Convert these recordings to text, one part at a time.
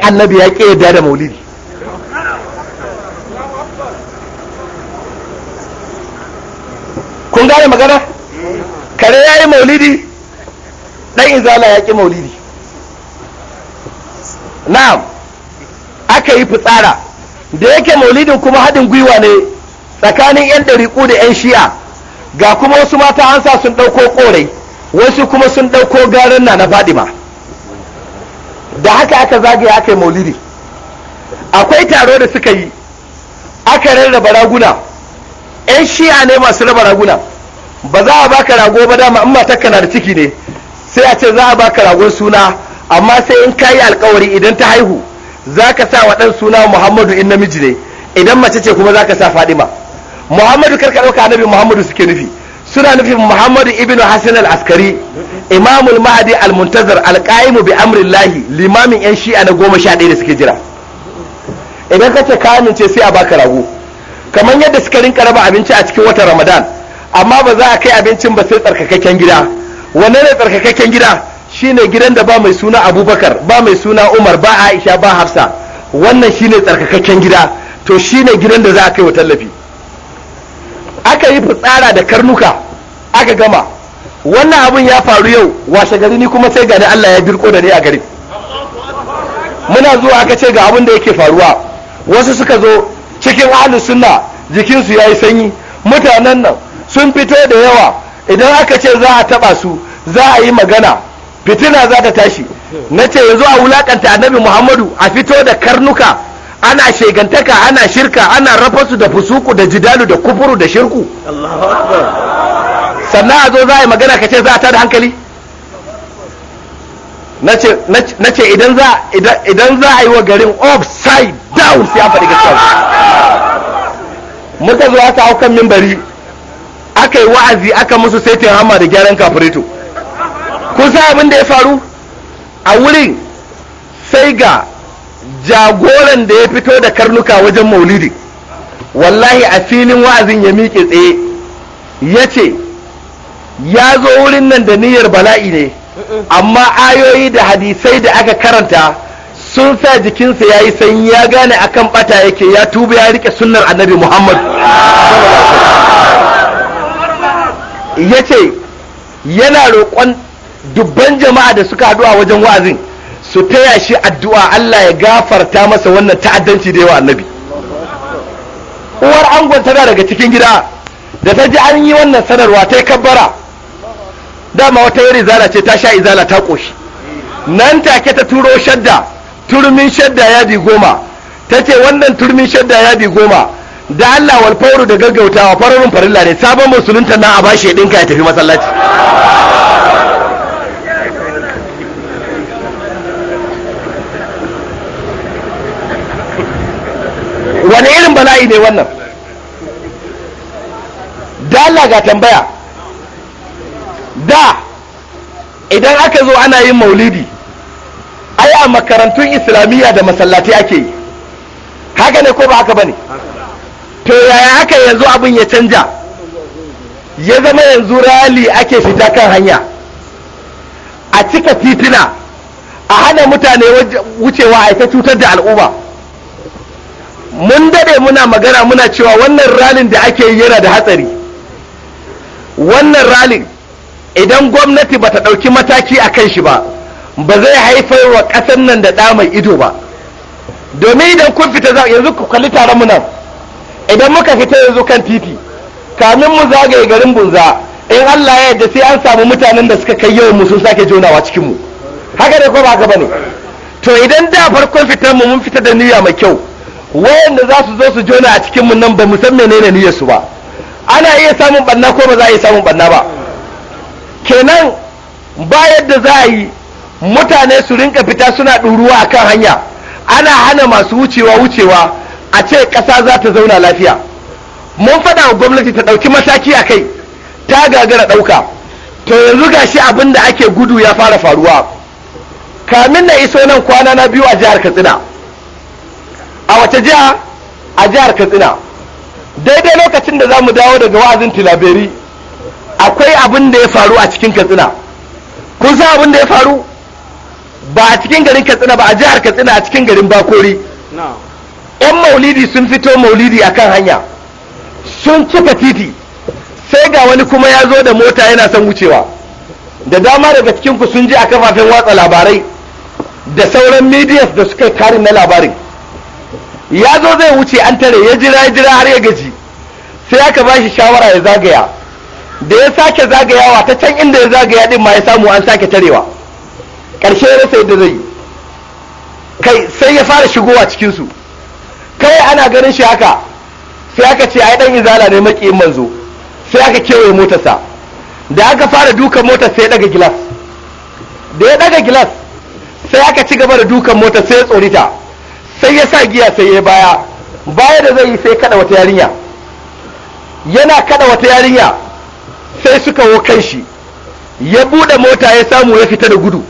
annabi ya ƙi yadda da maulidi kun gane magana kare ya yi maulidi ɗan izala ya ƙi maulidi na'am aka yi fitsara da yake maulidin kuma haɗin gwiwa ne tsakanin 'yan ɗariƙu da 'yan shi'a ga kuma wasu mata an sa sun ɗauko ƙorai wasu kuma sun ɗauko garin na na fadima da haka aka zage aka yi maulidi akwai taro da suka yi aka rarraba raguna 'yan shi'a ne masu raba raguna ba za a baka rago ba dama in mata na da ciki ne sai a ce za a baka ragon suna amma sai in ka yi alkawari idan ta haihu za ka sa wa ɗan suna muhammadu in namiji ne idan mace ce kuma za ka sa fadima muhammadu karka ɗauka annabi muhammadu suke nufi suna nufin muhammadu ibn hassan al-askari imamul mahadi al-muntazar al-qaimu bi amrillahi limamin yan shi'a na goma sha ɗaya da suke jira idan ka ce kamin ce sai a baka rago kamar yadda suka rinka raba abinci a cikin watan ramadan amma ba za a kai abincin ba sai tsarkakakken gida wanne ne tsarkakakken gida shine gidan da ba mai suna abubakar ba mai suna umar ba aisha ba hafsa wannan shine tsarkakakken gida to shine gidan da za a kai wa tallafi aka yi fitsara da karnuka aka gama wannan abun ya faru yau washe gari ni kuma sai ga gani Allah ya birko da ni a gari muna zuwa aka ce ga abin da yake faruwa wasu suka zo cikin ahlus sunna jikin ya yayi sanyi mutanen nan sun fito da yawa idan aka ce za a taba su za a yi magana fitina za ta tashi na ce yanzu a wulakanta annabi muhammadu a fito da karnuka ana shegantaka ana shirka ana su da fusuku da jidalu da kufuru da shirku sannan a zo za a yi magana ka ce za a tada hankali na ce idan za a yi wa garin upside down sai a faɗi gaskiya muka zo aka hau kan mimbari aka yi wa'azi aka musu saitin hama da gyaran kafirito kun sa abin da ya faru a wurin sai ga jagoran da ya fito da karnuka wajen maulidi wallahi a filin wa'azin ya miƙe tsaye ya ce ya zo wurin nan da niyyar bala'i ne amma ayoyi da hadisai da aka karanta sun sa jikinsa ya yi sanyi ya gane akan bata yake ya tuba ya rike sunnar annabi muhammad ya ce yana roƙon dubban jama'a da suka haɗu a wajen wa'azin su taya shi addu'a allah ya gafarta masa wannan ta'addanci da yawa annabi uwar angon tana daga cikin gida da ta ji an yi wannan sanarwa ta yi kabbara dama wata yar izala ce ta sha izala ta koshi nan take ta turo shadda turmin shadda ya bi goma ta ce wannan turmin shadda ya bi goma da Allah wal da gaggautawa fararun farilla ne sabon musulunta na a bashi ya ɗinka ya tafi masallaci wani irin bala'i ne wannan da Allah ga tambaya da idan aka zo ana yin maulidi ai a makarantun islamiyya da masallati ake yi haka ne ko ba haka bane to yaya haka yanzu abin ya canja ya zama yanzu rali ake fita kan hanya a cika titina a hana mutane wucewa a ita cutar da al'umma mun dade muna magana muna cewa wannan ralin da ake yi yana da hatsari wannan ralin idan gwamnati bata ɗauki mataki a kan shi ba ba zai haifar wa ƙasar nan da ɗa mai ido ba domin idan kun fita za yanzu ku kalli tare mu nan idan muka fita yanzu kan titi kamin mu zagaye garin bunza in Allah ya yarda sai an samu mutanen da suka kai yawan mu sake jonawa cikin mu haka ne ko ba haka bane to idan da farkon fitar mu mun fita da niyya mai kyau wayanda za su zo su jona a cikin mu nan ba mu san menene niyyar su ba ana iya samun banna ko ba za a iya samun banna ba kenan bayar da za a yi mutane su rinka fita suna ɗuruwa a kan hanya ana hana masu wucewa wucewa a ce ƙasa za ta zauna lafiya mun faɗa wa gwamnati ta ɗauki mataki a kai ta gagara ɗauka to yanzu shi abin da ake gudu ya fara faruwa kamin na iso nan kwana na biyu a jihar katsina a wace jiha a jihar katsina daidai lokacin da za mu dawo daga wa'azin tilaberi akwai abin da ya faru a cikin katsina kun san abin da ya faru ba a cikin garin katsina ba a jihar katsina a cikin garin bakori yan maulidi sun fito maulidi a kan hanya sun cika titi sai ga wani kuma ya zo da mota yana son wucewa da dama daga cikinku sun ji a kafafen watsa labarai da sauran midiyas da suka kari na labarin ya zo zai wuce an tare ya jira ya jira har ya gaji sai aka ba shi shawara ya zagaya da ya sake zagayawa ta can inda ya zagaya din ma ya samu an sake tarewa ƙarshe ya rasa yadda zai kai sai ya fara shigowa cikinsu kai ana ganin shi haka sai aka ce ai ɗan izala ne in manzo sai aka kewaye motarsa da aka fara dukan motar sai ya daga gilas da ya daga gilas sai aka ci gaba da dukan motar sai ya tsorita sai ya sa giya sai ya baya baya da zai yi sai kaɗa wata yarinya yana kaɗa wata yarinya sai suka wo kan shi ya buɗe mota ya samu ya fita da gudu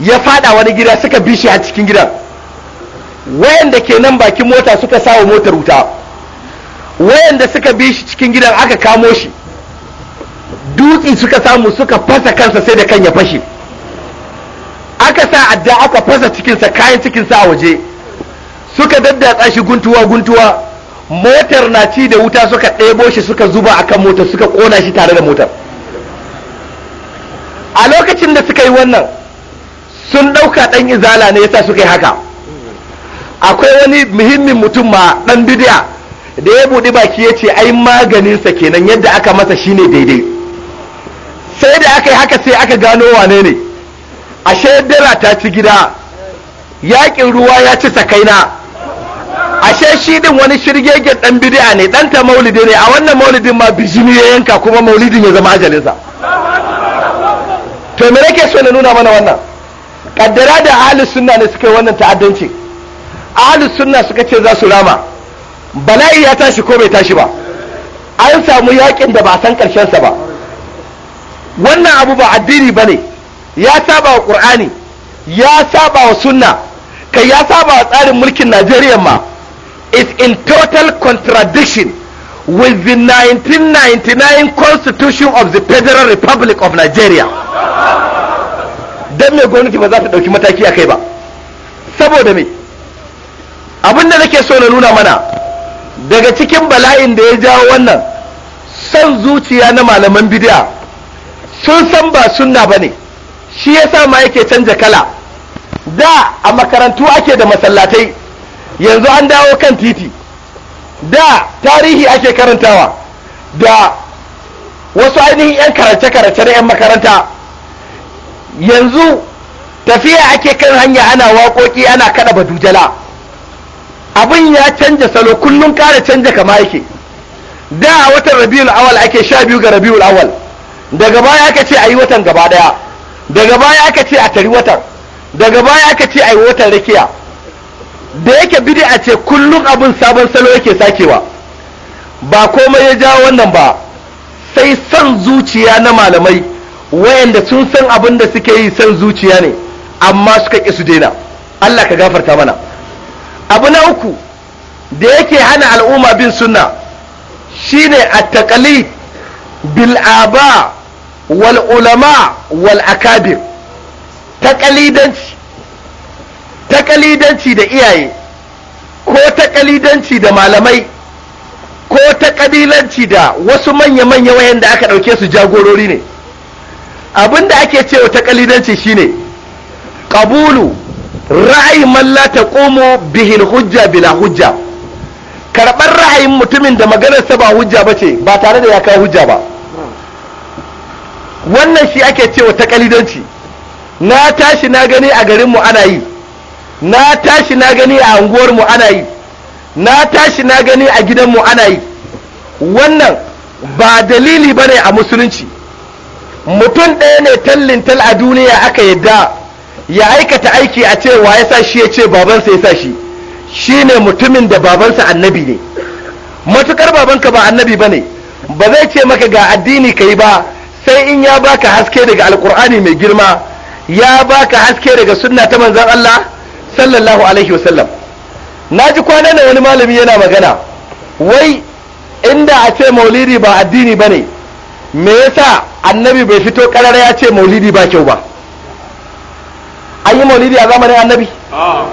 ya fada wani gida suka bi shi a cikin gidan wayanda ke nan bakin mota suka sawa motar wuta wayanda suka bi shi cikin gidan aka kamo shi dutsi suka samu suka fasa kansa sai da kan ya fashe aka sa adda aka fasa cikinsa kayan cikinsa a waje suka daddatsa shi guntuwa guntuwa motar na ci da wuta suka ɗebo shi suka zuba a kan motar suka ƙona shi tare da motar a lokacin da suka yi wannan sun ɗauka ɗan izala ne yasa suka yi haka akwai wani muhimmin mutum ma ɗan bidiya da ya buɗi baki ya ce ai maganinsa kenan yadda aka masa shine daidai sai da aka yi haka sai aka gano wane ne ashe dala ta ci gida yaƙin ruwa ya ci sakaina ashe shi din wani shirgegen dan bid'a ne dan ta maulidi ne a wannan maulidin ma bijimi ya yanka kuma maulidin ya zama ajalinsa to me nake so na nuna mana wannan kaddara da ahlus sunna ne suka yi wannan ta'addanci ahlus sunna suka ce za su rama bala'i ya tashi ko bai tashi ba an samu yakin da ba a san karshen sa ba wannan abu ba addini bane ya saba wa qur'ani ya saba wa sunna kai ya saba wa tsarin mulkin Najeriya ma is in total contradiction with the 1999 constitution of the federal republic of nigeria don mai gwamnati ba za ta ɗauki mataki a kai ba saboda me abin da nake so na nuna mana daga cikin bala'in da ya jawo wannan son zuciya na malaman bidiya sun san ba sunna ba ne shi yasa ma yake canja kala da a makarantu ake da masallatai yanzu an dawo kan titi da tarihi ake karantawa da wasu ainihin 'yan karance-karance na 'yan makaranta yanzu tafiya ake kan hanya ana waƙoƙi ana kaɗa badujala abin ya canja salo kullum ƙara canja kama yake da watan rabiul awal ake sha biyu ga rabiul awal daga baya aka ce a yi watan gaba ɗaya daga baya aka ce a tari watan daga baya aka ce a yi watan rakiya da yake a ce kullum abin sabon salo yake sakewa ba komai ya jawo wannan ba sai san zuciya na malamai wayanda sun san abin da suke yi san zuciya ne amma suka ƙi su daina Allah ka gafarta mana abu na uku da yake hana al'umma bin sunna shine at-taqlid bil aba wal ulama wal akabir taƙalidanci ta kalidanci da iyaye ko ta kalidanci da malamai ko ta kabilanci da wasu manya-manya wayan da aka ɗauke su jagorori ne abin da ake cewa ta kalidanci shine ƙabulu ra'ayi malla ta komo bihin hujja bila hujja karɓar ra'ayin mutumin da maganarsa ba hujja ba ce ba tare da ya kawo hujja ba wannan shi ake cewa ta kalidanci na tashi na gani a garinmu ana yi na tashi na gani a unguwar mu ana yi na tashi na gani a gidan mu ana yi wannan ba dalili bane a musulunci mutum ɗaya ne tallintal a duniya aka yadda ya aikata aiki a cewa ya sa shi ya ce babansa ya sa shi ne mutumin da babansa annabi ne matukar babanka ba annabi ba ne ba zai ce maka ga addini ka yi ba sai in ya baka haske daga alkur'ani mai girma ya baka haske daga sunna ta manzan Allah sallallahu alaihi wasallam na ji kwana da wani malami yana magana wai inda a ce maulidi ba addini ba ne me yasa annabi bai fito karara ya ce maulidi ba kyau ba an yi maulidi a zamanin annabi ah.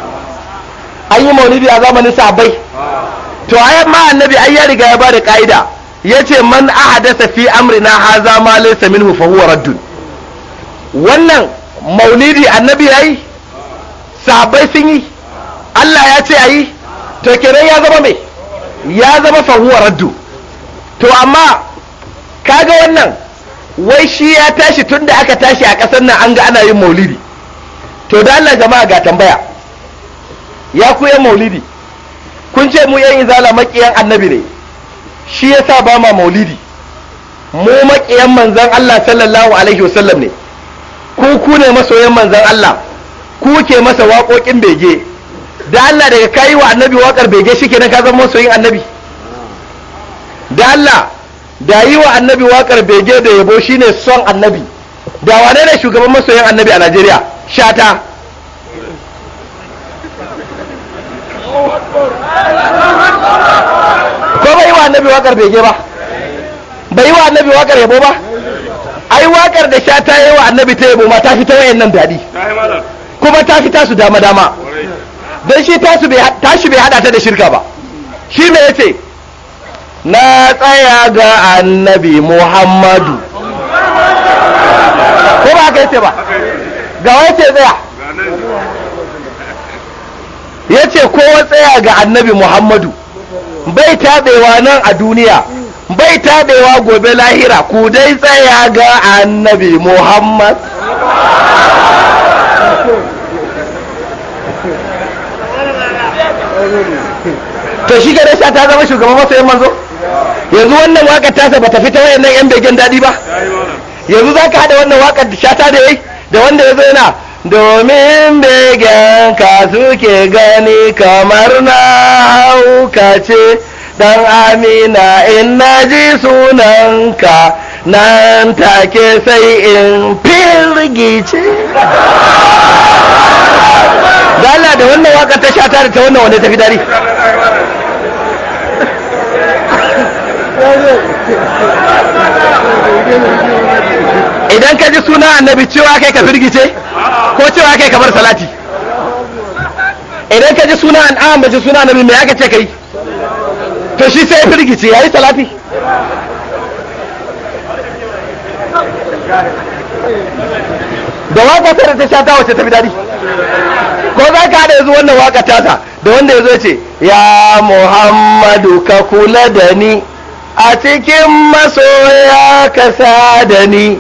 an yi maulidi a zamanin sabai ah. to ayan ma annabi ai ya riga ya ba da ka'ida ya ce man ahadasa fi amrina haza ma laysa minhu fa huwa raddun wannan maulidi annabi yayi sabai sun yi Allah ya ce ayi to kenan ya zama mai ya zama fahuwa raddu to amma kaga wannan wai shi ya tashi tun da aka tashi a ƙasar nan an ga ana yin maulidi to da Allah jama'a ga tambaya ya ku yan maulidi kun ce mu yan izala maƙiyan annabi ne shi ya sa ba ma maulidi mu maƙiyan manzan Allah sallallahu alaihi wasallam ne ku ku ne masoyan manzan Allah kuke masa waƙoƙin bege da Allah daga kayi wa annabi waƙar bege shi kenan ka zama masoyin annabi da Allah da yi wa annabi waƙar bege da yabo shine son annabi da wane ne shugaban masoyin annabi a Najeriya shata ko bai wa annabi waƙar bege ba bai wa annabi waƙar yabo ba ai waƙar da shata yi wa annabi ta yabo ma ta fi ta wayan nan daɗi kuma ta fi tasu dama dama don shi tashi bai hada ta da shirka ba shi me yace na tsaya ga annabi muhammadu ko ba haka yace ba ga wace tsaya yace kowa tsaya ga annabi muhammadu bai taɓewa nan a duniya bai taɓewa gobe lahira ku dai tsaya ga annabi muhammad to shi gare sa ta zama shugaban masoyin manzo yanzu wannan wakar tasa bata fita wayannan yan begen daɗi ba yanzu za ka haɗa wannan wakar shata da yayi da wanda ya yana domin begen ka suke gani kamar na hauka ce dan amina in na ji sunanka nan take sai in firgice Allah da wannan waka ta sha tare ta wannan wanda ta fi dari idan ka ji suna annabi cewa kai ka firgice ko cewa kai ka bar salati idan ka ji suna an amince suna annabi me aka ce kai to shi sai firgice yayi salati da waka tare ta shata wace ta fi daɗi ko za ka haɗa yanzu wannan waka tasa da wanda ya zo ce ya muhammadu ka kula da ni a cikin masoya ka sa da ni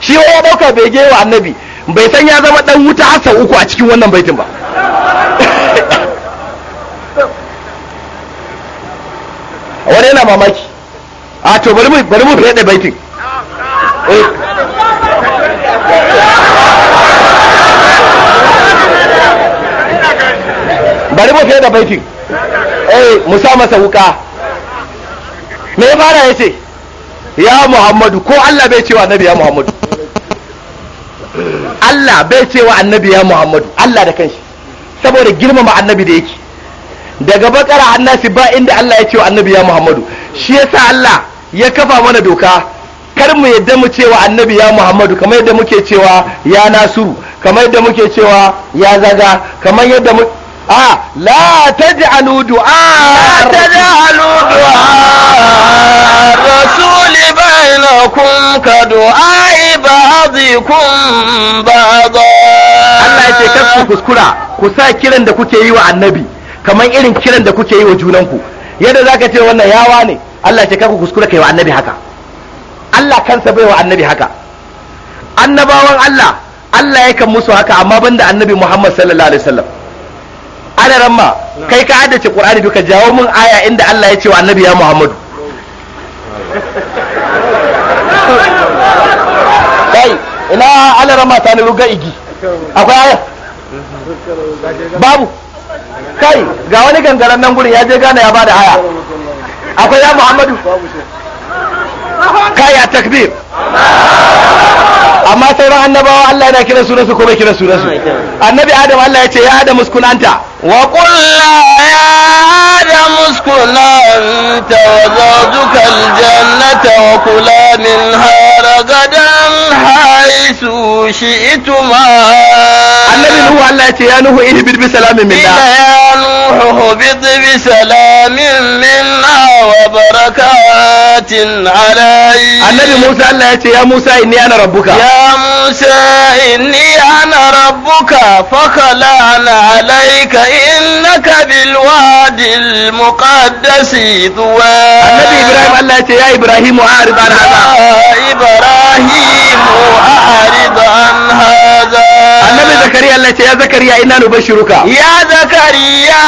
shi ya ɗauka bege wa annabi bai san ya zama ɗan wuta hasa uku a cikin wannan baitin ba wani yana mamaki a to bari mu bari mu baitin Eh. bari mu fiye da baitin eh sa masa wuka me ya fara ya ce ya muhammadu ko allah bai cewa annabi ya muhammadu allah bai cewa annabi ya muhammadu allah da kanshi saboda girmama annabi da yake daga bakara annasi ba inda allah ya cewa annabi ya muhammadu shi yasa allah ya kafa mana doka kar mu yadda mu cewa annabi ya muhammadu kamar yadda muke cewa ya nasiru kamar yadda muke cewa ya zaga kamar yadda mu a la taj'alu du'a la taj'alu du'a rasul kun ka kun ba ba'd Allah ya ce kasu kuskura ku sa kiran da kuke yi wa annabi kamar irin kiran da kuke yi wa junanku yadda za ka ce wannan yawa ne Allah ya ce kaku kuskura kai wa annabi haka Allah kansa bai wa annabi haka annabawan Allah Allah ya kan musu haka amma ban da annabi Muhammad sallallahu alaihi wasallam ana ramma kai ka haddace Qur'ani duka jawo min aya inda Allah ya ce wa annabi ya Muhammadu kai ina ala rama ta ruga igi akwai aya babu kai ga wani gangaren nan gurin ya je gane ya bada aya akwai ya Muhammadu kaya takbir amma sauran annabawa Allah yana kiran sunansu ko bai kiran sunansu annabi adam Allah ya ce ya adam muskunanta wa qulla ya adam muskunanta wa zawjuka aljannata wa kula minha رغدا حيث شئتما النبي هو الله يا نوح اهبط بسلام منا يا نوح اهبط بسلام منا وبركات علي النبي موسى الله يا موسى اني انا ربك يا موسى اني انا ربك فخلعنا عليك انك بالواد المقدس ذوى النبي إبراهيم قال لك يا إبراهيم أعرض عن هذا يا إبراهيم أعرض عن هذا النبي زكريا التي يا زكريا إنا نبشرك يا زكريا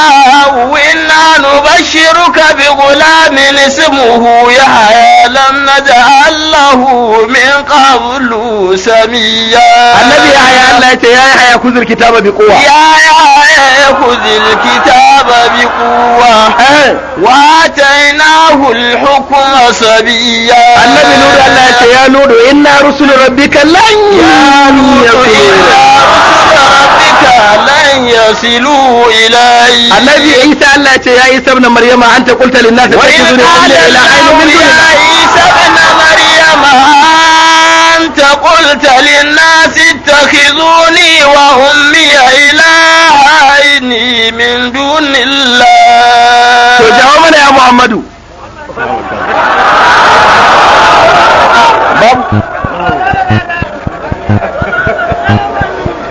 وإنا نبشرك بغلام اسمه يحيى لم نجعل له من قبل سميا النبي يا التي يا يا خذ الكتاب بقوة يا يا خذ الكتاب بقوة أه. وآتيناه الحكم صبيا النبي نور الله يا نور إنا رسل ربك لن يا نور يصلوا إلي الذي عيسى الله يا عيسى ابن مريم أنت قلت للناس اتخذوني إلى إلهين من دون يا عيسى ابن مريم أنت قلت للناس اتخذوني وأمي إلهين من دون الله جوابنا يا محمد باب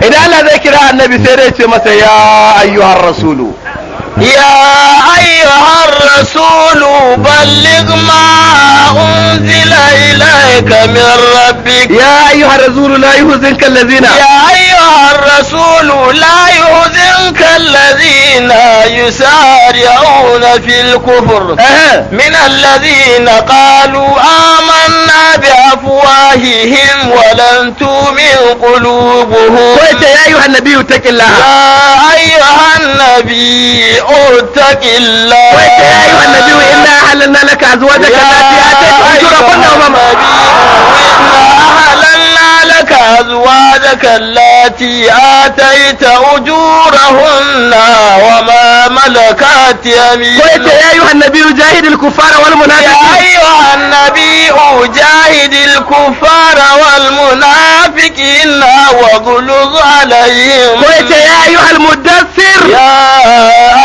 idan Allah zai kira annabi sai dai ce masa ya ayyuhar rasulu ya ayyuhar rasulu balligh ma unzila ilayka min rabbik ya ayyuhar rasulu la yuhzinka allazina ya ayyuhar rasulu la yuhzinka الذين يسارعون في الكفر من الذين قالوا آمنا بأفواههم ولن تؤمن قلوبهم يا أيها النبي اتق الله يا أيها النبي اتق الله يا أيها النبي إنا أحللنا لك أزواجك التي آتيت أجورهن وما إنا أحللنا لك أزواجك التي آتيت أجورهن وما ملكت يمينك يا أيها النبي جاهد الكفار والمنافقين يا أيها النبي جاهد الكفار والمنافقين وغلظ عليهم يا أيها المدثر يا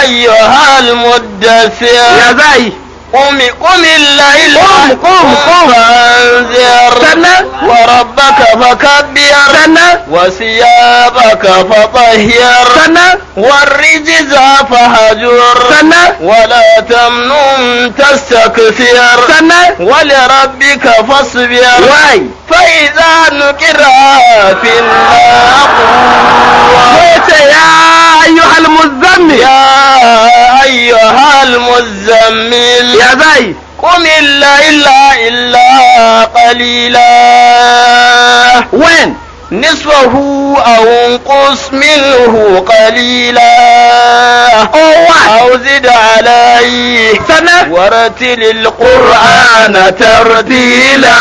أيها المدثر يا زي قم قم الليل قم قم قم فانذر وربك فكبر وثيابك فطهر والرجز فهجر ولا تمنن تستكثر ولربك فاصبر فإذا نكر في الله يا أيها المزمل يا أيها المزمل يا زاي قم إلا إلا إلا قليلا وين نصفه أو انقص منه قليلا أو زد عليه سنة ورتل القرآن ترتيلا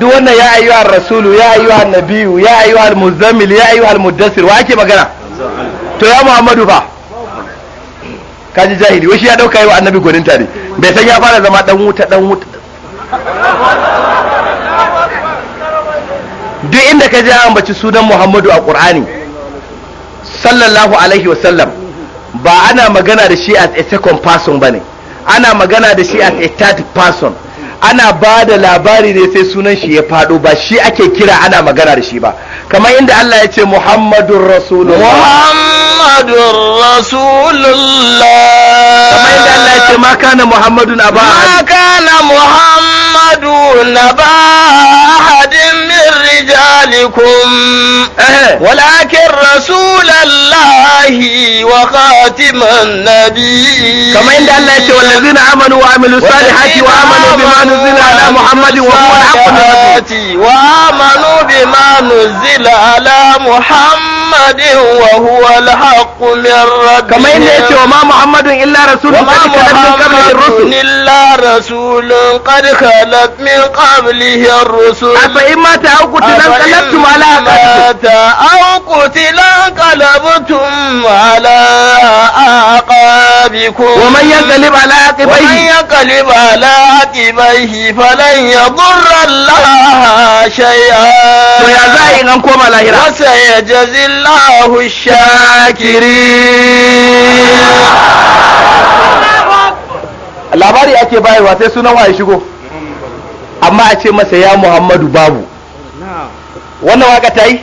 duk wannan ya ayyu al rasulu ya ayyu al nabiyu ya ayyu al muzammil ya ayyu al mudassir wa ake magana to ya muhammadu ba kaji jahili wai shi ya dauka yawa annabi gwaninta ne bai san ya fara zama dan wuta dan wuta duk inda ka ji baci sunan Muhammadu a Qur'ani sallallahu alaihi wa sallam, ba ana magana da shi as a second person bane ana magana da shi as a third person ana ba da labari ne sai sunan shi ya fado ba shi ake kira ana magana da shi ba kamar inda Allah ya ce Muhammadur Rasulullah Muhammadur Rasulullah kamar inda Allah ya ce ma kana Muhammadun aba ma kana Muhammadun aba hadin min رجالكم ولكن رسول الله وخاتم النبي كما عند الله يتي والذين آمنوا وعملوا الصالحات وآمنوا بما نزل على محمد وهو الحق من ربهم وآمنوا بما نزل على محمد وهو الحق من ربهم كما عند الله وما محمد إلا رسول قد خلت من قبله الرسل إلا رسول قد خلت من قبله الرسل أفإن مات انقلبتم على عقابكم أو على أعقابكم ومن على عقبيه ومن على عقبيه فلن يضر الله شيئا وسيجزي الله الشاكرين labari ake bayarwa sai sunan waye shigo amma a ce masa ya muhammadu babu wannan waka ta yi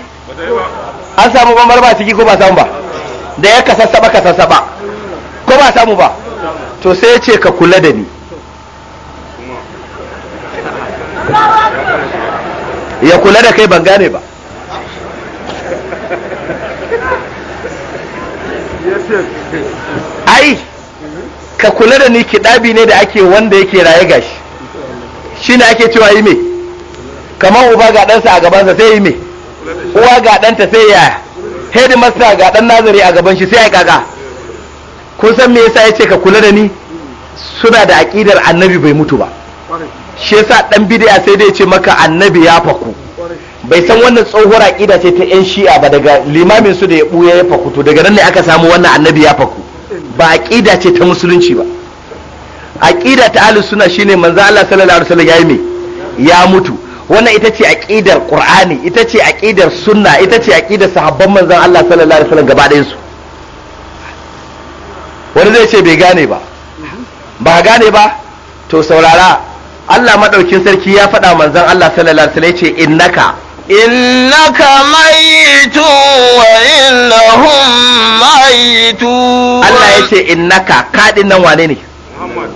an samu bambar ba ciki ko ba samu ba da ya kasassaba kasassaba ko ba samu ba to sai ya ce ka kula da ni ya kula da kai ban gane ba ai ka kula da ni kiɗabi ne da ake wanda yake raye gashi shi ne ake cewa yi me kamar uba ga ɗansa a gabansa sai yi me uwa ga ɗanta sai yaya hedimasta ga ɗan nazari a gaban shi sai ya kaka kun san me yasa yace ka kula da ni suna da aƙidar annabi bai mutu ba shi yasa ɗan bid'a sai dai yace maka annabi ya faku bai san wannan tsohuwar aƙida ce ta yan shi'a ba daga limamin su da ya buya ya faku to daga nan ne aka samu wannan annabi ya faku ba aƙida ce ta musulunci ba aƙida ta ahlus sunna shine manzo Allah sallallahu alaihi wasallam yayi me ya mutu wannan ita ce aqidar qur'ani ita ce aqidar sunna ita ce aqidar sahabban manzon Allah sallallahu alaihi wasallam gaba su wani zai ce bai gane ba ba gane ba to saurara Allah madaukin sarki ya faɗa manzon Allah sallallahu alaihi wasallam ya ce innaka innaka mayitu wa innahum mayitu Allah ya ce innaka kadin nan wane ne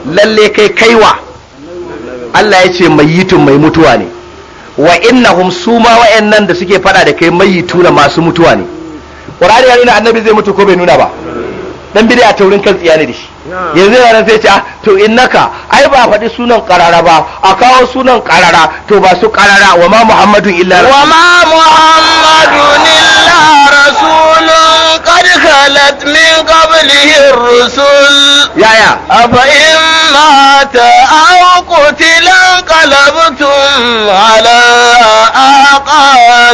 lalle kai kaiwa Allah ya ce mayitun mai mutuwa ne wa innahum su ma wa'annan da suke fada da kai mai tuna masu mutuwa ne qur'ani ya nuna annabi zai mutu ko bai nuna ba dan bid'a taurin kan tsiya da shi yanzu ran sai ce ah to innaka ai ba faɗi sunan karara ba a kawo sunan karara to ba su karara wa ma muhammadun illa wa ma muhammadun illa rasul qad khalat min qablihi ar-rusul ya afa in mata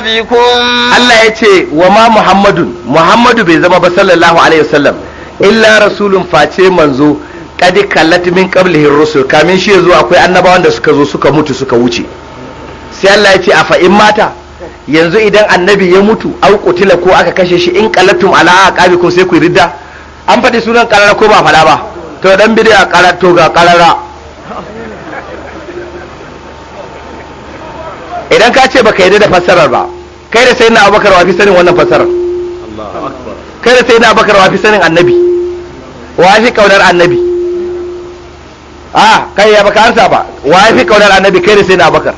bikum Allah ya ce wa ma Muhammadu, Muhammadu bai zama ba sallallahu alaihi wasallam illa rasulun face manzo kadi kallati min qablihi rusul kamin shi yazo akwai annabawan da suka zo suka mutu suka wuce sai Allah ya ce a fa in mata yanzu idan annabi ya mutu au kutila ko aka kashe shi in qallatum ala aqabikum sai ku ridda an faɗi sunan karara ko ba faɗa ba to dan bid'a qarara to ga karara idan ka ce baka yadda da fassarar ba kai da sai na wa fi sanin wannan fassarar kai da sai na wa fi sanin annabi wa fi kaunar annabi a kai ya baka ansa ba wa fi kaunar annabi kai da sai na abakar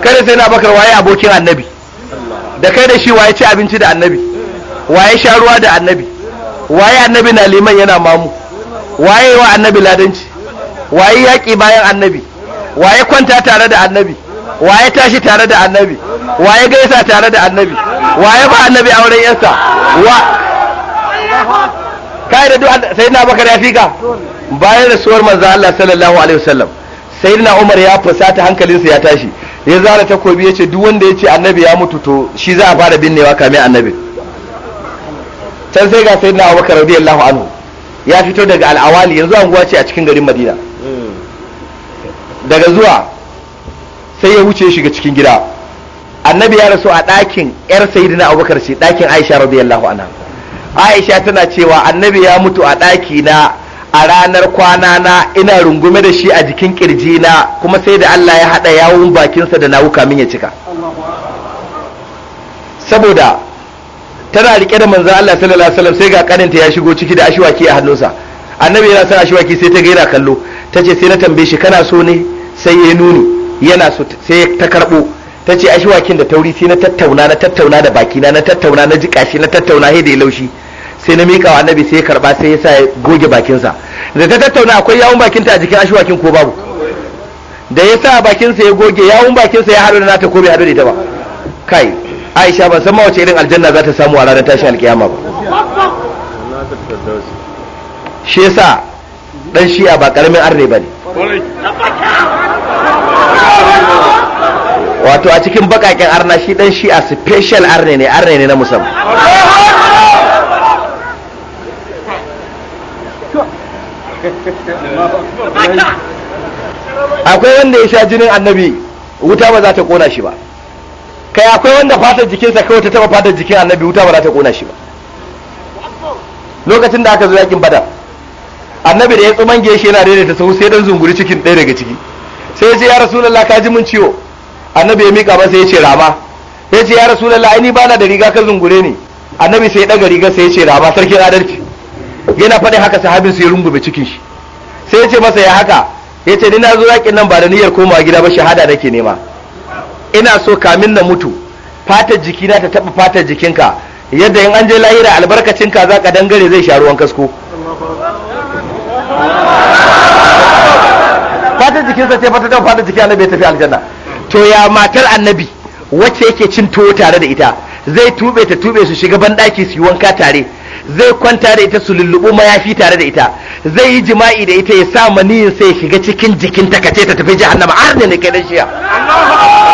kai da sai sayyidina abubakar waye abokin annabi da kai da shi waye ci abinci da annabi waye sha ruwa da annabi waye annabi na liman yana mamu waye wa annabi ladanci waye yaƙi bayan annabi waye kwanta tare da annabi waye tashi tare da annabi waye gaisa tare da annabi waye ba annabi auren yansa wa kai da duk sayyidina bakar ya fika bayan rasuwar manzo Allah sallallahu alaihi wasallam sayyidina Umar ya fusata hankalinsa ya tashi ya zara takobi yace ce duk wanda ya ce annabi ya mutu to shi za a fara binnewa kame annabi can sai ga sayyidina Abubakar radiyallahu anhu ya fito daga al'awali yanzu anguwa ce a cikin garin Madina daga zuwa sai ya wuce shiga cikin gida annabi ya rasu a ɗakin yar sayidina abubakar ce ɗakin aisha radiyallahu anha aisha tana cewa annabi ya mutu a ɗaki na a ranar kwana na ina rungume da shi a jikin kirji na kuma sai da Allah ya haɗa yawun bakinsa da nawuka min ya cika saboda tana rike da manzan Allah sallallahu alaihi wasallam sai ga kaninta ya shigo ciki da ashiwaki a hannunsa annabi yana sa ashiwaki sai ta gaira kallo ta ce sai na tambaye shi kana so ne sai ya nuni yana so sai ta karbo ta ce ashi wakin da tauri sai na tattauna na tattauna da bakina na tattauna na jika shi na tattauna sai da ya laushi sai na miƙa wa annabi sai ya karba sai ya sa ya goge bakinsa da ta tattauna akwai yawun bakinta a jikin ashi wakin ko babu da ya sa bakinsa ya goge yawun bakinsa ya haɗu da nata ko bai haɗu da ita ba kai aisha ban san ma wace irin aljanna za ta samu a ranar tashin alkiyama ba shi yasa dan shi'a ba karamin arne ba ne wato a cikin bakaken arna shi dan shi a special arne ne arne ne na musamman akwai wanda ya sha jinin annabi wuta ba za ta kona shi ba kai akwai wanda fatar jikinsa kawai ta taba fatar jikin annabi wuta ba za ta kona shi ba lokacin da aka zo yakin badar annabi da ya tsumange shi yana daidaita sau sai dan zunguri cikin ɗaya daga ciki sai ce ya rasulallah ka ji mun ciwo annabi ya mika masa ya ce rama sai ce ya rasulallah ai ni bana da riga ka zungure ni annabi sai daga riga sai ya ce rama sarkin adalci yana faɗi haka sahabin sai rungume cikin shi sai ya ce masa ya haka ya ce ni na zo yakin nan ba da niyyar koma gida ba shahada nake nema ina so kamin na mutu fatar jikina ta taba fatar jikinka yadda in an je lahira albarkacin za ka dangare zai sha ruwan kasko fatan jikinsa ce fata dan fatar jikin annabi ya tafi aljanna to ya matar annabi wacce yake cin tuwo tare da ita zai tube ta tube su shiga banɗaki su yi wanka tare zai kwanta da ita su lullubu mayafi tare da ita zai yi jima'i da ita ya sa maniyin sai shiga cikin jikin ta kace ta tafi jahannama har ne kai dan shiya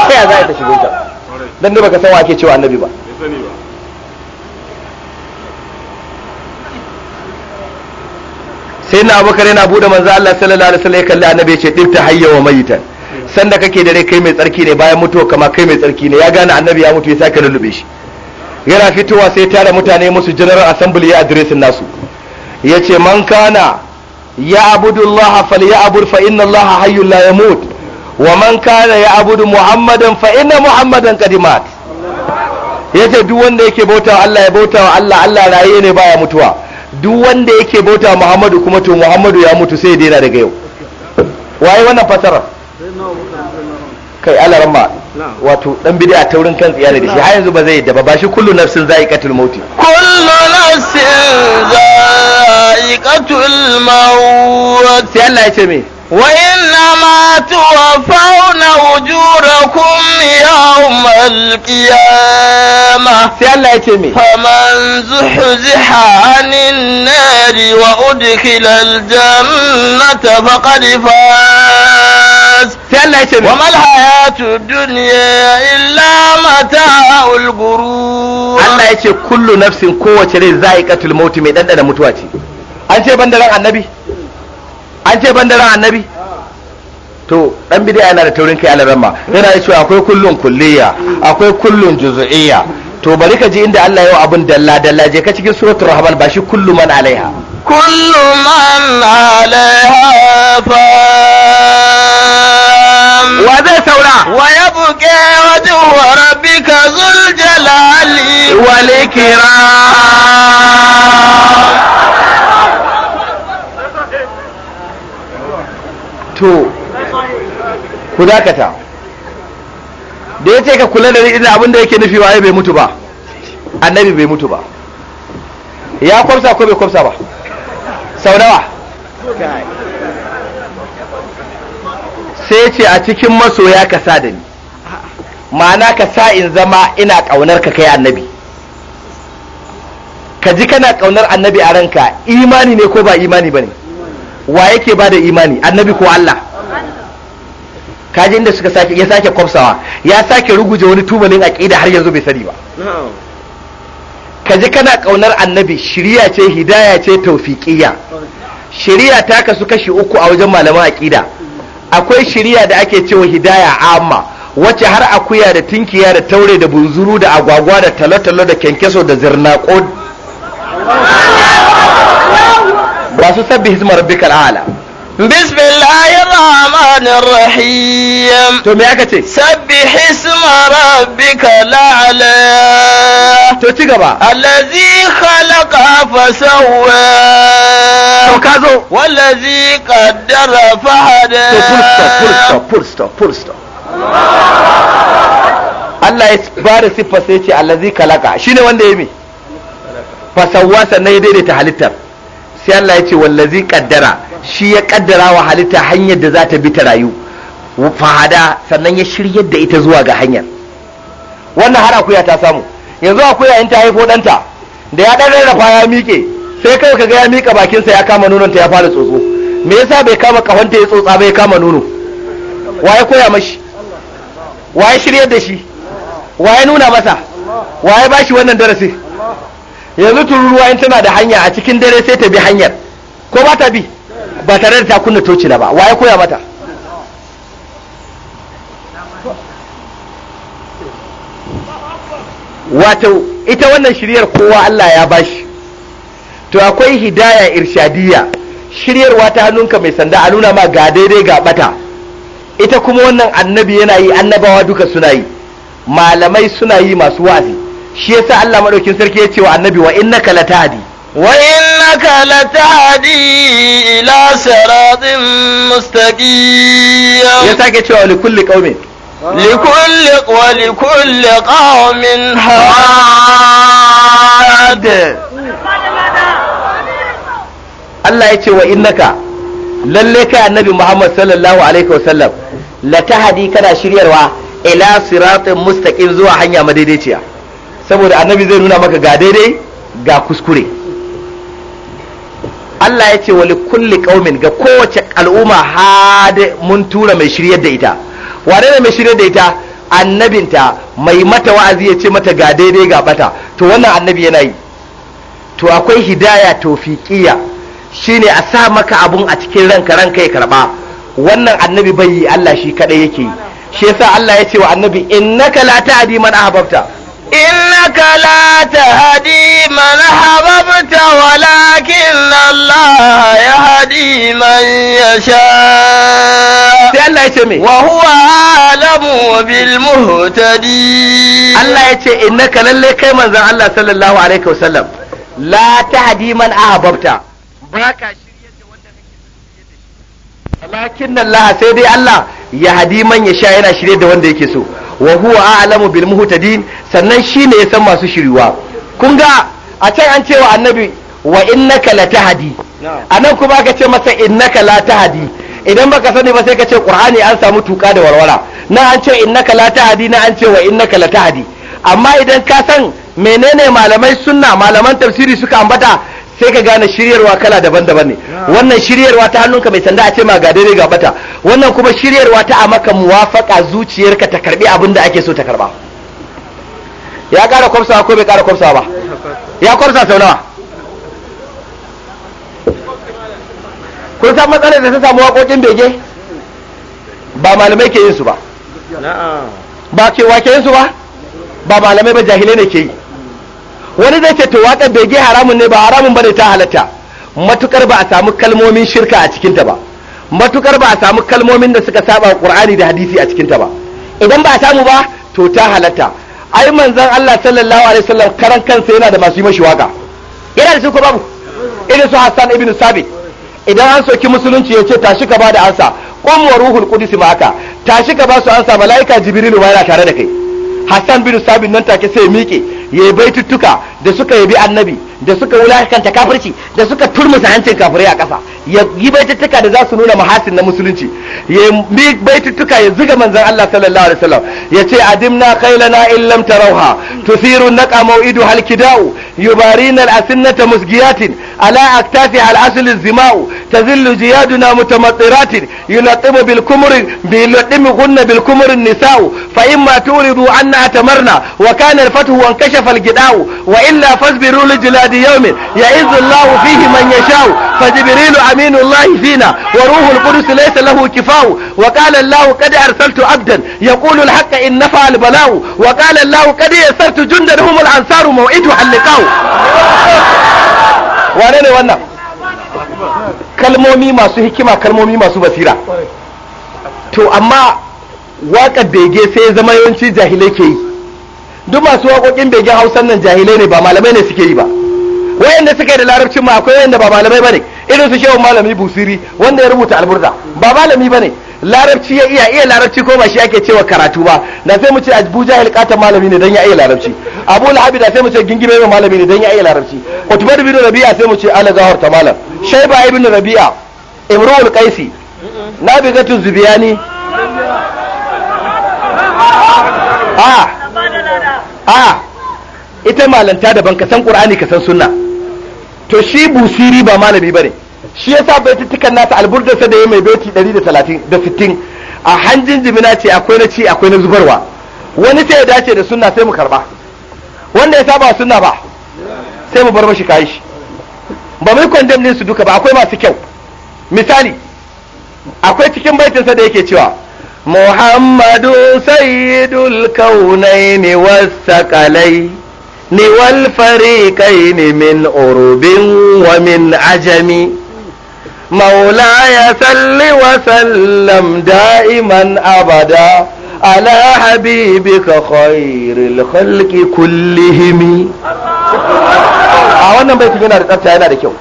sai ya za ta shiga ta dan ne baka san wa ake cewa annabi ba sayyidina abubakar yana bude manzo Allah sallallahu alaihi wasallam ya kalli annabi ya ce dibta hayya wa mayitan sanda kake da rai kai mai tsarki ne bayan mutuwa kama kai mai tsarki ne ya gane annabi ya mutu ya sake lullube shi yana fitowa sai tare mutane musu general assembly ya adiresin nasu ya ce man kana ya abudu Allah fal ya abud fa inna Allah hayyul la yamut wa man kana ya abudu Muhammadan fa inna Muhammadan qadimat yace duk wanda yake bautawa Allah ya bautawa Allah Allah raye ne baya mutuwa duk wanda yake bauta muhammadu kuma to muhammadu ya mutu sai ya daina daga yau waye wannan fasarar kai alarma wato dan bid'a taurin kan tsiya da shi har yanzu ba zai yadda ba shi kullu nafsin za'iqatul maut kullu nafsin za'iqatul maut sai Allah ya ce me وإنما توفون أجوركم يوم القيامة فمن زحزح عن النار وأدخل الجنة فقد فاز وما الحياة الدنيا إلا متاع الغرور الله يتي كل نفس قوة لذائقة الموت من أن أنا متواتي أنت يا بندران النبي an ce ban da ran annabi to dan bid'a yana da taurin kai alaramma yana da cewa akwai kullun kulliya akwai kullun juz'iyya to bari ka ji inda Allah ya yi abin dalla dalla je ka cikin suratul rahman ba shi kullu man alaiha kullu man alaiha fa wa zai saura wa yabqa wajhu rabbika zul jalali wal ikram to ku dakata da ya ce ka kula da abin abinda yake nufi waye bai mutu ba annabi bai mutu ba ya kwamsa ko bai kwamsa ba sau nawa sai ce a cikin masoya ka sa da ni ma'ana ka sa in zama ina ƙaunar ka kai annabi ka ji kana ƙaunar annabi a ranka imani ne ko ba imani ba ne wa yake ba da imani annabi ko Allah kaji inda suka sake ya sake kwafsawa ya sake ruguje wani tubalin aqida har yanzu bai sani ba kaji kana kaunar annabi shiriya ce hidaya ce taufiqiyya shiriya ta kasu kashi uku a wajen malaman aqida akwai shiriya da ake cewa hidaya amma wacce har akuya da tinkiya da taure da bunzuru da agwagwa da talotalo da kyankyaso da zirnaqo wasu sabbi hisma rabbikal a'la بسم الله الرحمن الرحيم me aka ce Sabbi isma rabbika la'ala to ci gaba allazi khalaqa fa sawwa to kazo wallazi qaddara fa hada to full stop full stop Allah ya ba da siffa sai ce allazi Shi ne wanda ya yi me fa sawwa sannan ya daidaita halittar sai Allah ya ce wallazi kaddara shi ya kaddara wa halitta hanyar da za ta bi ta rayu fahada sannan ya shiryar da ita zuwa ga hanyar wannan har akuya ta samu yanzu akuya in ta haifo danta da ya dan rarrafa ya miƙe sai kai ka ga ya miƙa sa ya kama nononta ya fara tsotso me yasa bai kama kahonta ya tsotsa bai kama nono waye koya mashi waye shiryar da shi waye nuna masa waye bashi wannan darasi yanzu tururuwa in tana da hanya a cikin dare sai ta bi hanyar ko ba ta bi ba tare da ta kunna toci da ba waye koya mata wato ita wannan shiryar kowa Allah ya bashi to akwai hidaya irshadiyya shiryarwa ta hannunka mai sanda a nuna ma ga daidai ga bata ita kuma wannan annabi yana yi annabawa duka suna yi malamai suna yi masu wa'azi shi yasa Allah madaukin sarki ya ce wa annabi wa innaka latadi wa innaka latadi ila siratin mustaqim ya sake cewa li kulli wa li kulli qaumin hadd Allah ya ce wa innaka lalle kai annabi Muhammad sallallahu alaihi wasallam la tahdi kana shiryarwa ila siratin mustaqim zuwa hanya madaidaiciya saboda annabi zai nuna maka ga daidai ga kuskure Allah ya ce wa kulli qaumin ga kowace al'umma hada mun tura mai shiryar da ita wane ne mai shiryar da ita annabinta mai mata wa'azi ya ce mata ga daidai ga bata to wannan annabi yana yi to akwai hidaya tofiƙiya shine a sa maka abun a cikin ranka ranka ya karba wannan annabi bai yi Allah shi kadai yake yi shi yasa Allah ya ce wa annabi innaka la ta'di man ahbabta إنك لا تهدي من حببت ولكن الله يهدي من يشاء وهو أعلم بالمهتدين الله يتي إنك للي كيما كما الله صلى الله عليه وسلم لا تهدي من أحببت باكا walakin Allah sai dai Allah ya hadi man ya sha yana shirye da wanda yake so wa huwa a'lamu bil muhtadin sannan shine yasan masu shiriwa kun ga a can an cewa annabi wa innaka tahdi anan kuma aka ce masa innaka tahdi idan baka sani ba sai ka ce qur'ani an samu tuka da walwala, na an ce innaka tahdi na an ce wa innaka tahdi amma idan ka san menene malamai sunna malaman tafsiri suka ambata sai ka gane shiryarwa kala daban-daban ne ah. wannan shiryarwa ta hannunka mai sanda a ce ma ga daidai ga bata wannan kuma shiryarwa ta a maka muwafaka zuciyarka ta karbi abin da ake so ta karba ya kara kwamsawa ko bai kara kwamsawa ba ya kwamsa sau nawa kun san matsalar da ta samu waƙoƙin bege ba malamai ke yin su ba ba cewa ke yin su ba ba malamai ba jahilai ne ke yi wani zai ce to waƙar bege haramun ne ba haramun bane ta halatta matukar ba a samu kalmomin shirka a cikinta ba matukar ba a samu kalmomin da suka saba qur'ani da hadisi a cikinta ba idan ba a samu ba to ta halatta ai manzon Allah sallallahu alaihi wasallam karan kansa yana da masu yi mashi waka yana da su ko babu irin su Hassan ibn Sabi idan an soki musulunci ya ce tashi ka ba da ansa qum wa ruhul qudus ma'aka tashi ka ba su ansa malaika jibrilu ba yana tare da kai Hassan bin Sabi nan take sai ya miƙe yayi baituttuka da suka yabi annabi da suka wulakanta kafirci da suka turmusa hancin kafirai a ƙasa ya yi baituttuka da za su nuna mahasin na musulunci ya yi baituttuka ya zuga manzan Allah sallallahu alaihi wasallam ya ce adimna khailana illam tarauha tarawha tusiru naqa mau'idu halkida'u yubarina al-asinnata musgiyatin ألا على العسل الزماء تذل جيادنا متمطرات يلطم بالكمر غن بالكمر النساء فإما تولدوا عنا أتمرنا وكان الفتح وانكشف الجداء وإلا فاصبروا لجلاد يوم يعز الله فيه من يشاء فجبريل أمين الله فينا وروح القدس ليس له كفاء وقال الله قد أرسلت عبدا يقول الحق إن نفع البلاء وقال الله قد يسرت جندا هم الأنصار موعدها اللقاء wane ne wannan kalmomi masu hikima kalmomi masu basira to amma waƙar bege sai ya zama yawanci jahilai ke yi duk masu waƙoƙin bege hausan nan jahilai ne ba malamai ne suke yi ba wayanda suka yi da larabcin ma akwai wayanda ba malamai bane irin su shehu malami busiri wanda ya rubuta alburda ba malami bane larabci ya iya iya larabci ko ba shi ake cewa karatu ba da sai mu ce Abuja Jahil katan malami ne dan ya iya larabci Abu Lahabi da sai mu ce gingime mai malami ne dan ya iya larabci Utbah ibn Rabi'a sai mu ce ala zahar ta malam Shayba ibn Rabi'a Imrul Qaisi Nabigatu Zubiyani a a ita malanta daban ka san Qur'ani ka san sunna to shi busiri ba malami bane shi yasa baitittukan nasa alburdarsa da ya mai baiti 60 a hanjin jimina ce akwai na ci akwai na zubarwa wani sai ya dace da sunna sai mu karba wanda ya saba sunna ba sai mu bar mashi kayi shi ba mai condemn din su duka ba akwai masu kyau misali akwai cikin baitinsa da yake cewa muhammadu sayyidul kaunaini ne ni wal ne min urubin wa min ajami مولاي سل وسلم دائما أبدا على حبيبك خير الخلق كلهم a wannan bai yana da tsafta yana da kyau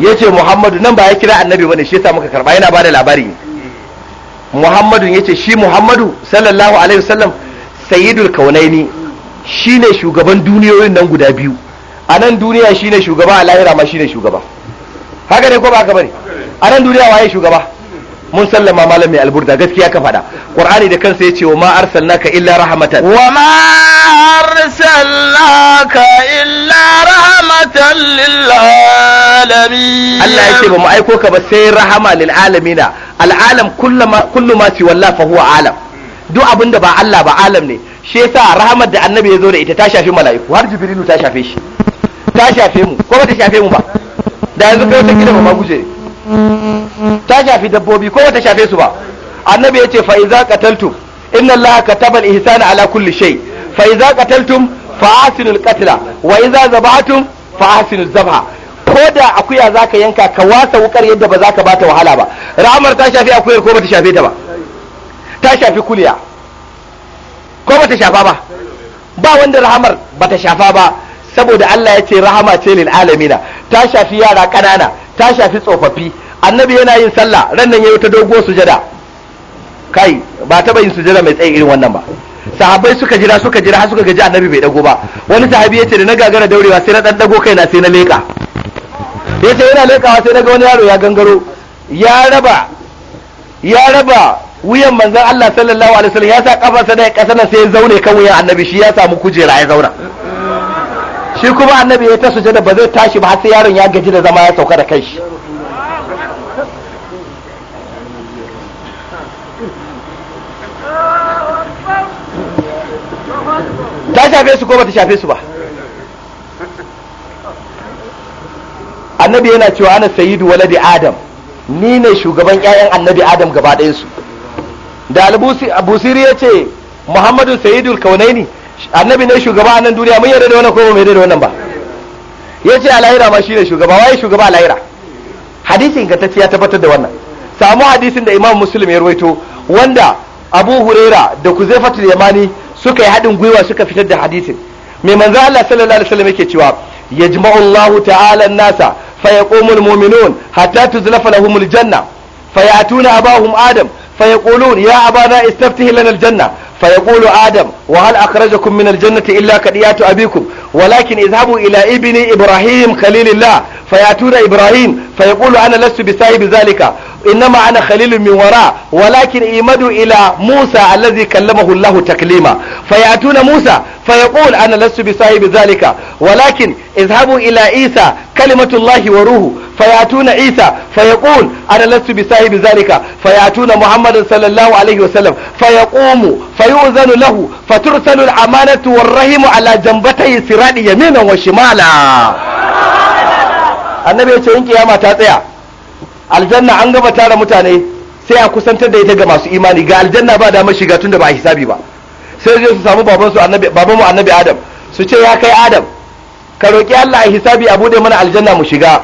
ya ce muhammadu nan ba ya kira annabi wani shi yasa muka karba yana da labari muhammadu ya ce shi muhammadu sallallahu alaihi wasallam sayyidul kaunaini shine shugaban duniyoyin nan guda biyu a nan duniya shine shugaba a lahira ma shine shugaba haka ne ko ba haka bane a nan duniya waye shugaba mun sallama malam mai alburda gaskiya ka faɗa qur'ani da kansa yace wa ma arsalnaka illa rahmatan wa ma arsalnaka illa rahmatan lil alamin Allah yace ba mu aiko ka ba sai rahama lil alamina al alam kullama kullu ma siwalla fa huwa alam duk ba Allah ba alam ne shi yasa rahamar da annabi ya zo da ita ta shafi mala'iku har jibrilu ta shafe shi ta shafe mu ko ba ta shafe mu ba da yanzu kai wata ba mm. guje ta shafi dabbobi ko wata shafe su ba annabi ya ce fa iza qataltum inna allaha kataba al-ihsana ala kulli shay fa iza qataltum fa asinul qatla wa iza zaba'tum fa asinu zabha ko da akuya zaka yanka ka wasa wukar yadda ba ka bata wahala ba ramar ta shafi akuyar ko bata shafe ta ba ta shafi kuliya ko bata shafa ba ba wanda rahamar bata shafa ba saboda Allah ya ce rahama ce lil alamina ta shafi yara kanana ta shafi tsofaffi annabi yana yin sallah ran nan yayi ta dogo sujada kai ba taba yin sujada mai tsayi irin wannan ba sahabbai suka jira suka jira har suka gaji annabi bai dago ba wani sahabi ya ce da na gagara daurewa sai na dan dago kaina sai na leka yace yana lekawa sai naga wani yaro ya gangaro ya raba ya raba wuyan manzon Allah sallallahu alaihi wasallam ya sa kafarsa da kasa sai ya zaune kan wuyan annabi shi ya samu kujera ya zauna shi kuma annabi ya ta sujada ba zai tashi ba sai yaron ya gaji da zama ya sauka da kai shi ta shafe su ko ba ta shafe su ba annabi yana cewa ana sayidu waladi adam ni ne shugaban 'ya'yan annabi adam gaba ɗayansu da albusiri ya ce muhammadu sayidul kaunaini annabi ne shugaba a nan duniya mun yarda da wannan ko mun yarda da wannan ba ya ce a ma shine shugaba waye shugaba al'aira hadisin hadisi ingantacce ya tabbatar da wannan samu hadisin da imam muslim ya ruwaito wanda abu huraira da kuzaifatul yamani suka yi haɗin gwiwa suka fitar da hadisin mai manzo Allah sallallahu alaihi wasallam yake cewa yajma'u Allahu ta'ala an-nasa fa yaqumu al-mu'minun hatta tuzlafa lahum al-janna fayatuna abahum adam ya abana أبانا tafta al janna فيقول آدم وهل أخرجكم من الجنة إلا كديات أبيكم ولكن اذهبوا إلى ابن إبراهيم خليل الله فيأتون إبراهيم فيقول أنا لست بسايب ذلك innama ana khalilun min wara walakin imadu ila musa allazi kallamahu allah taklima fayatuna musa fayaqul ana lastu sahibi zalika walakin izhabu ila isa kalimatu allah wa ruhu fayatuna isa fayaqul ana lastu sahibi zalika fayatuna muhammadan sallallahu alaihi wasallam fayaqumu fayuzanu lahu fatursalu al amanatu war rahimu ala jambatay siradi yaminan wa shimala annabi ya ce in kiyama ta tsaya aljanna an gaba tara mutane sai a kusantar da ita ga masu imani ga aljanna ba damar shiga tun da ba a hisabi ba sai zai su samu su annabi babanmu annabi adam su ce ya kai adam ka roƙi Allah a hisabi a bude mana aljanna mu shiga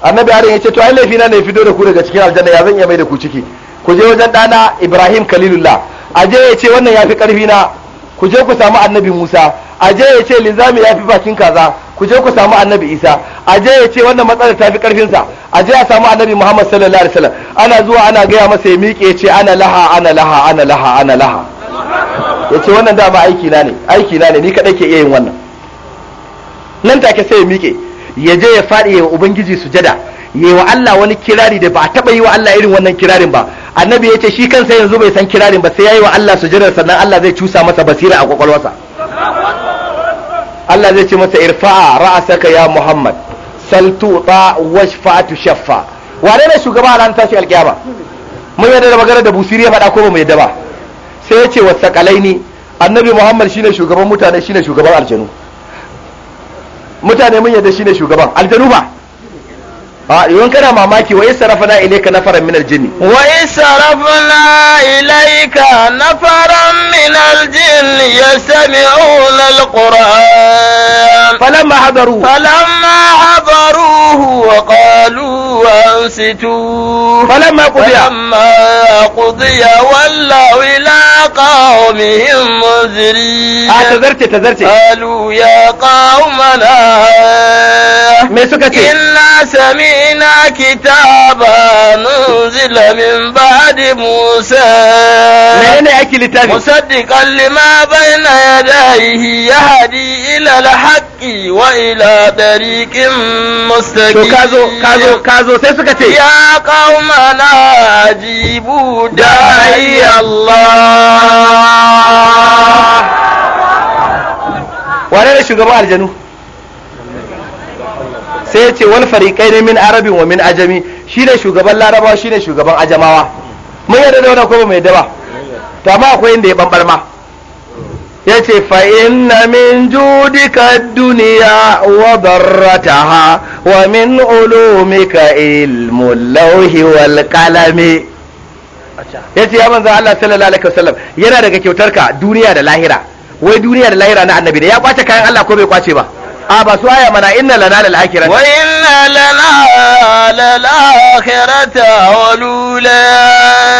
annabi adam ya ce to ai laifi na ne fito da ku daga cikin aljanna ya zan iya mai da ku ciki ku je wajen ɗana ibrahim khalilullah a je ya ce wannan yafi karfi na ku je ku samu annabi musa a je ya ce lizami ya bakin kaza ku je ku samu annabi isa a je ya ce wannan matsalar ta fi karfinsa a je a samu annabi muhammad sallallahu alaihi wasallam ana zuwa ana gaya masa ya miƙe ya ce ana laha ana laha ana laha ana laha ya ce wannan dama aiki na ne aiki na ne ni kaɗai ke iya yin wannan nan take sai ya miƙe ya je ya faɗi ya ubangiji sujada ya yi wa Allah wani kirari da ba a taɓa yi wa Allah irin wannan kirarin ba annabi ya ce shi kansa yanzu bai san kirarin ba sai ya yi wa Allah sujada sannan Allah zai cusa masa basira a kwakwalwarsa Allah zai ce masa irfa'a ra'asaka ya Muhammad saltuta washfa'atu shaffa wane ne shugaba ran tashi alkiyama mun yadda da magana da busiri ya faɗa ko ba mu yadda ba sai ya ce ne annabi muhammad shine shugaban mutane shine shugaban aljanu mutane mun yadda shine shugaban aljanu ba a yawan kana mamaki wa isa rafana ilaika nafaran minal jinni wa isa rafana ilaika nafaran minal jinni yastami'una alquran falamma hadaru ma hadaruhu wa ma ansitu falamma qudiya falamma qudiya wallahu ila qaumihim munzirin a tazarte tazarte qalu ya qaumana me suka ce inna sami أوتينا كتابا أنزل من بعد موسى مصدقا لما بين يديه يهدي إلى الحق وإلى طريق مستقيم كازو كازو كازو يا قوم لا أجيبوا داعي الله wane شو قبل الجنوب sai ya ce wal fariƙai ne min arabin wa min ajami shi ne shugaban larabawa ne shugaban ajamawa mun yadda da wani ko ba mu yarda ba to amma akwai inda ya bambar ma ya ce fa'inna min judika duniya wa darrataha wa min ulumika ilmu lauhi wal kalami ya ce ya manzo Allah sallallahu alaihi wasallam yana daga kyautarka duniya da lahira wai duniya da lahira na annabi da ya kwace kayan Allah ko bai kwace ba a ba su aya mana inna lana lal akhirata wa inna lana lal akhirata wa lula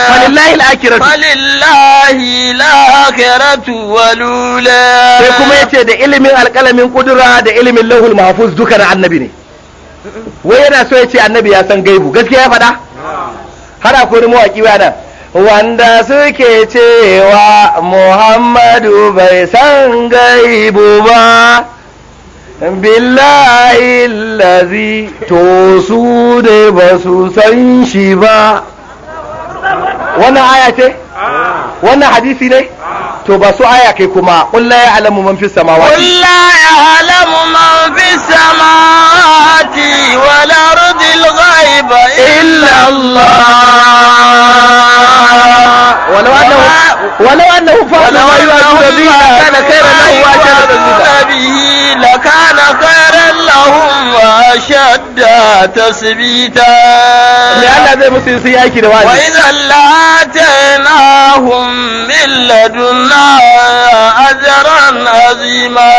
falillahi al akhiratu falillahi al akhiratu wa lula sai kuma yace da ilimin alƙalamin kudura da ilimin lahul mahfuz duka na annabi ne wai yana so ya ce annabi ya san gaibu gaskiya ya faɗa har akwai wani mawaƙi nan wanda suke cewa muhammadu bai san gaibu ba billahi lazi to su da ba su san shi ba wannan aya ce wannan hadisi ne to ba su aya kai kuma qul alamu man fi samawati qul la man والأرض الغيب إلا الله ولو أنه ولو أنه فعل ما يؤمن به لكان خيرا له وأجل به لكان خيرا له وأشد تثبيتا لأن هذا مسلسي أيكي دوالي وإذا لآتيناهم من لدنا أجرا عظيما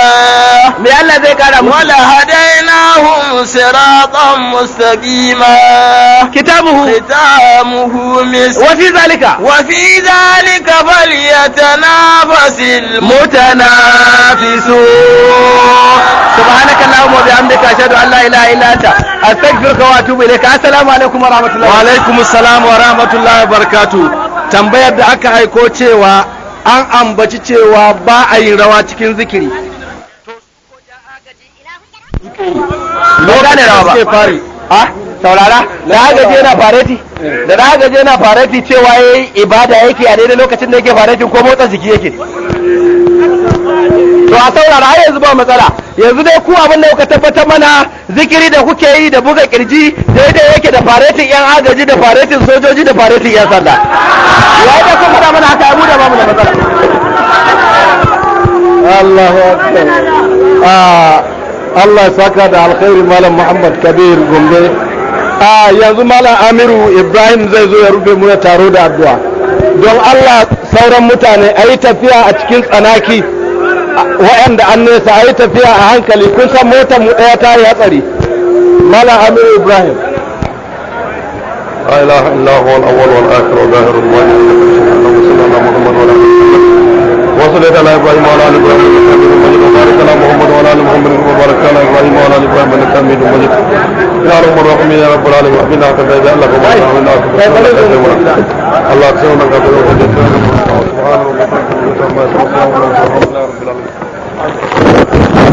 لأن هذا كان ولهديناهم صراطا مستقيما كتابه ختامه مسك وفي ذلك وفي ذلك فليتنافس المتنافسون سبحانك اللهم وبحمدك أشهد أن la ilaha illa anta astaghfiruka wa atubu ilayka assalamu alaikum wa rahmatullahi wa alaikum assalam wa rahmatullahi wa barakatuh tambayar da aka aiko cewa an ambaci cewa ba a yin rawa cikin zikiri gane rawa ba fari a saurara da agaje yana fareti da da agaje na fareti cewa yayi ibada yake a daidai lokacin da yake faretin ko motsa jiki yake to a saurara har yanzu ba matsala yanzu dai ku abin da kuka tabbatar mana zikiri da kuke yi da buga kirji daidai yake da faretin yan agaji da faretin sojoji da faretin yan sanda ya da kun da mana haka abu da ba mu da matsala Allahu akbar ah, Allah saka da alkhairi malam Muhammad Kabir Gombe ah yanzu malam Amiru Ibrahim zai zo ya rufe mu taro da addu'a don Allah sauran mutane a yi tafiya a cikin tsanaki waɗanda an nesa a yi tafiya a hankali kun san motar mu ɗaya ta yi hatsari mala amir ibrahim لا إله إلا هو الأول والآخر وظاهر الظاهر صلى الله عليه وسلم وصلت على إبراهيم وعلى آل إبراهيم إنك حميد مجيد وبارك على محمد وعلى آل محمد وبارك على إبراهيم وعلى آل إبراهيم إنك حميد مجيد يا رب الرحيم يا رب العالمين أحمدنا أنك فإذا لك وما أحمدنا أنك فإذا لك اللهم اغفر لنا وجدنا سبحانه وتعالى وما رب العالمين